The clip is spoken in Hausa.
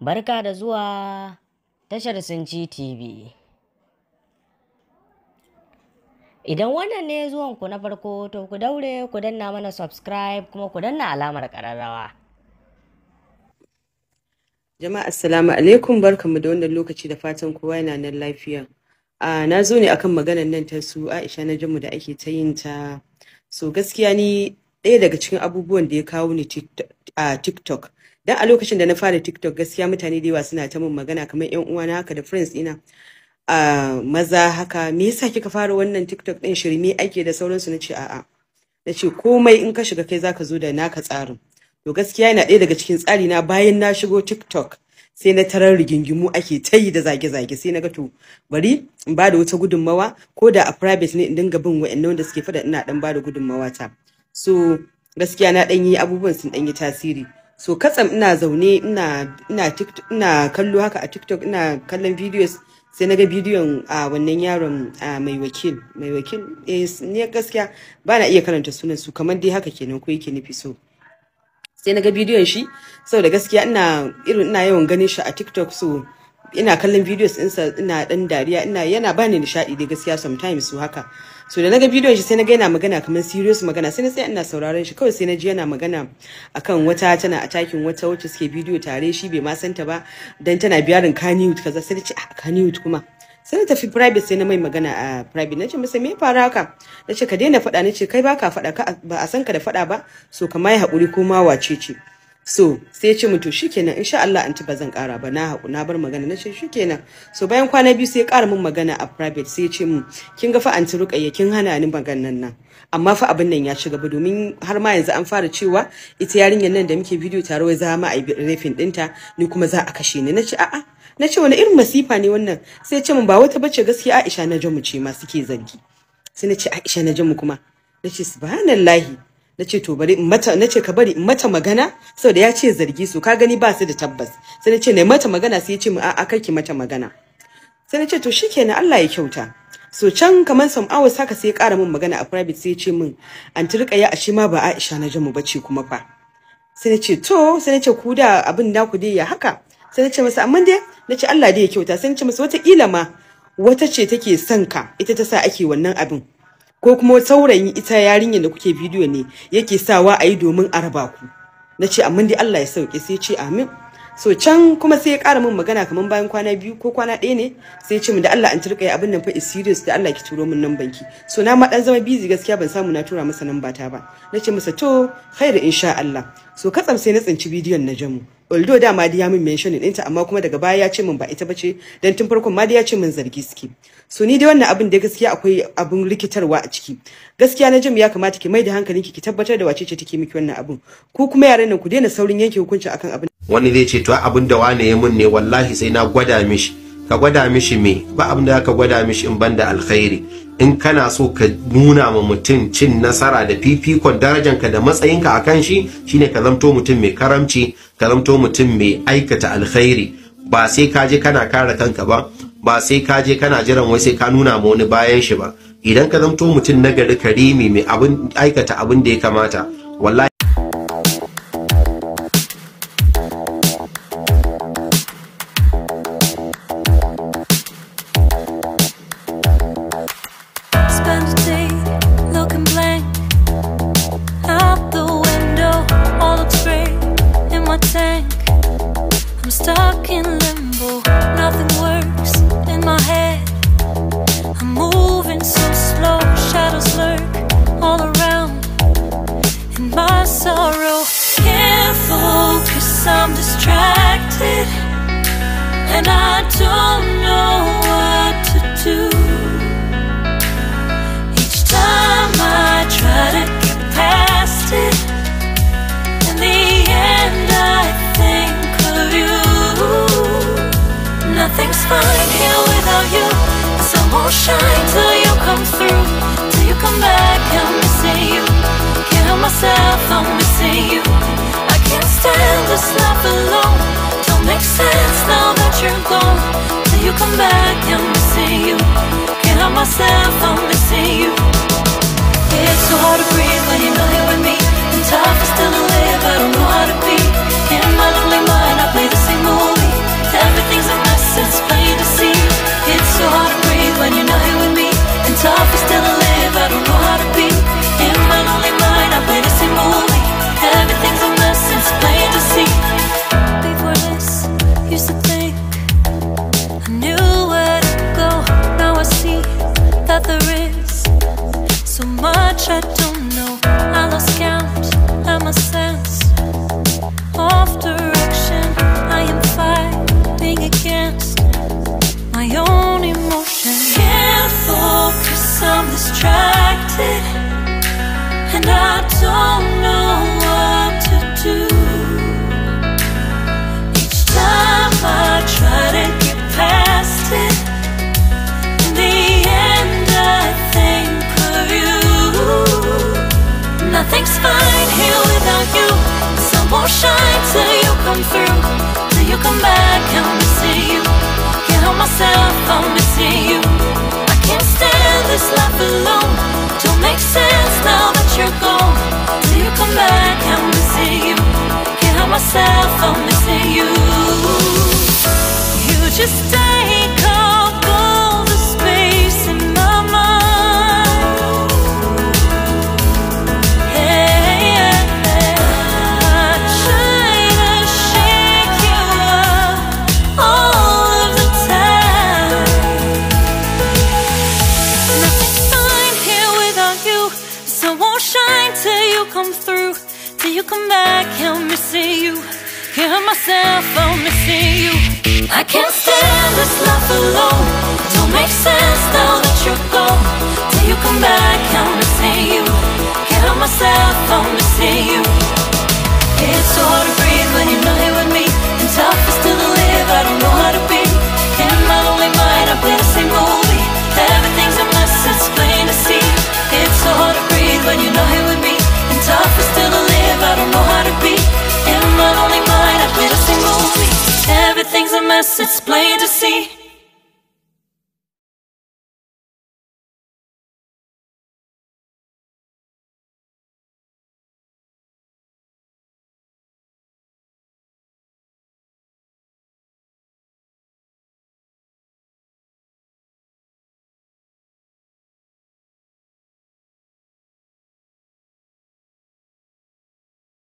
Barka da zuwa tashar Sinci TV. Idan wannan ne zuwanku na farko to ku daure ku danna mana subscribe kuma ku danna alamar ƙararrawa. Jama'a assalamu alaikum barkamu da wannan lokaci da fatan kowa yana nan lafiya. a na zo ne akan maganar nan ta su Aisha na jamu da ake ta yin ta. So gaskiya ni ɗaya daga cikin abubuwan da ya kawo ni a TikTok. dan a lokacin da na fara tiktok gaskiya mutane da yawa suna ta min magana kamar yan uwana haka da friends ina a maza haka me yasa kika fara wannan tiktok din shirme ake da sauransu nace a'a nace komai in ka shiga kai zaka zo da naka tsarin to gaskiya yana ɗaya daga cikin tsari na bayan na shigo tiktok sai na tarar rigingimu ake ta yi da zage-zage sai na ga to bari in ba da wata gudunmawa ko da a private ne in dinga bin wa'annan da suke faɗa ina dan bada da gudunmawa ta so gaskiya na ɗan yi abubuwan sun ɗan yi tasiri so katsam ina zaune ina ina ina kallo haka a tiktok ina kallon videos sai na ga bidiyon a wannan yaron mai wakil mai wakil eh, ne gaskiya ba na iya karanta sunan su kamar dai haka kenan ko yake nufi so sai na ga bidiyon shi saboda gaskiya ina irin ina yawan ganin shi a tiktok so ina kallon videos ɗinsa ina dan dariya ina yana bani nishaɗi dai gaskiya sometimes su haka so da na ga bidiyon shi sai na ga yana magana kamar serious magana sai na sai ina sauraron shi kawai sai na ji yana magana akan wata tana attacking wata wacce suke bidiyo tare shi bai ma ta ba dan tana biyarin Kannywood kaza sai na ce a ah, Kannywood kuma sai na tafi private sai na mai magana a private nace masa me fara haka nace ka daina faɗa nace kai baka faɗa ba a san ka da faɗa ba so kamar ya haƙuri ko ma wace ce so sai ya ce mu to in insha Allah anti ba zan kara ba na haku na bar magana na ce shikenan so bayan kwana biyu sai ya kara min magana a private sai ya ce mun kin ga fa anti ruqayya kin hana ni maganan nan amma fa abin nan ya ci gaba domin har ma yanzu an fara cewa ita yarinyar nan da muke bidiyo tare wai za ma a yi rafin dinta ni kuma za a kashe ni na ce a'a na ce wani irin masifa ne wannan sai ya ce min ba wata bace gaskiya Aisha na jamu ce ma suke zargi sai na ce Aisha na jamu kuma na ce subhanallahi na ce to bari mata na ka bari in mata magana saboda ya ce zargi su ka gani ba su da tabbas sai na ce na mata magana sai ya ce mu a'a ki mata magana sai na ce to shikenan Allah ya kyauta so can kamar some hours haka sai ya kara min magana a private sai ya ce min an turka ya ashe ma ba Aisha na jamu bace kuma fa sai na ce to sai na ce ku da abin da ku dai ya haka sai na ce masa amma dai na ce Allah dai ya kyauta sai na ce masa wata kila ma wata ce take son ka ita ta sa ake wannan abin ko kuma saurayin ita yarinyar da kuke bidiyo ne yake sawa a yi domin a raba ku na ce amma dai Allah ya sauke sai ce amin so can kuma sai ya ƙara min magana kamar bayan kwana biyu ko kwana ɗaya ne sai ya ce min da Allah an turka yi abin nan fa is serious da Allah ki turo min nan banki so na ma dan zama busy gaskiya ban samu na tura masa nan ta ba na ce masa to khairu insha Allah so katsam sai na tsinci bidiyon na jamu although dama dai ya min din ta amma kuma daga baya ya ce min ba ita bace dan tun farkon ma dai ya ce min zargi suke so ni dai wannan abin da gaskiya akwai abin rikitarwa a ciki gaskiya na jim ya kamata ki mai da hankalinki ki tabbatar da wace ce take miki wannan abin ku kuma yaran nan ku daina saurin yanke hukunci akan abin wani zai ce to abin da wane ya mun ne wallahi sai na gwada mishi ka gwada mishi me ba abin da ka gwada mishi in banda alkhairi in kana so ka nuna ma mutum cin nasara da fifikon darajanka da matsayinka a kan shi shine ka zamto mutum mai karamci ka zamto mutum mai aikata alkhairi ba sai ka je kana kare kanka ba ba sai ka je kana jiran wai sai ka nuna ma wani bayan shi ba idan ka zamto mutum nagari karimi mai aikata abin da ya kamata wallahi in limbo. Nothing works in my head. I'm moving so slow. Shadows lurk all around in my sorrow. Can't focus, I'm distracted, and I don't. this life alone Don't make sense now that you're gone Till you come back, I'm missing you Can't help myself, I'm missing you It's so hard to breathe when you're not here with me And tough is still to live, I don't know how to be In my lonely mind I don't know I lost count and my sense of direction I am fighting against my own Can't focus, I'm distracted And I don't just myself, I'm missing you. I can't stand this life alone. don't make sense now that you're gone. Till you come back, I'm missing you. Can't help myself, I'm missing you. It's so hard to breathe when you know. Things a mess, it's plain to see.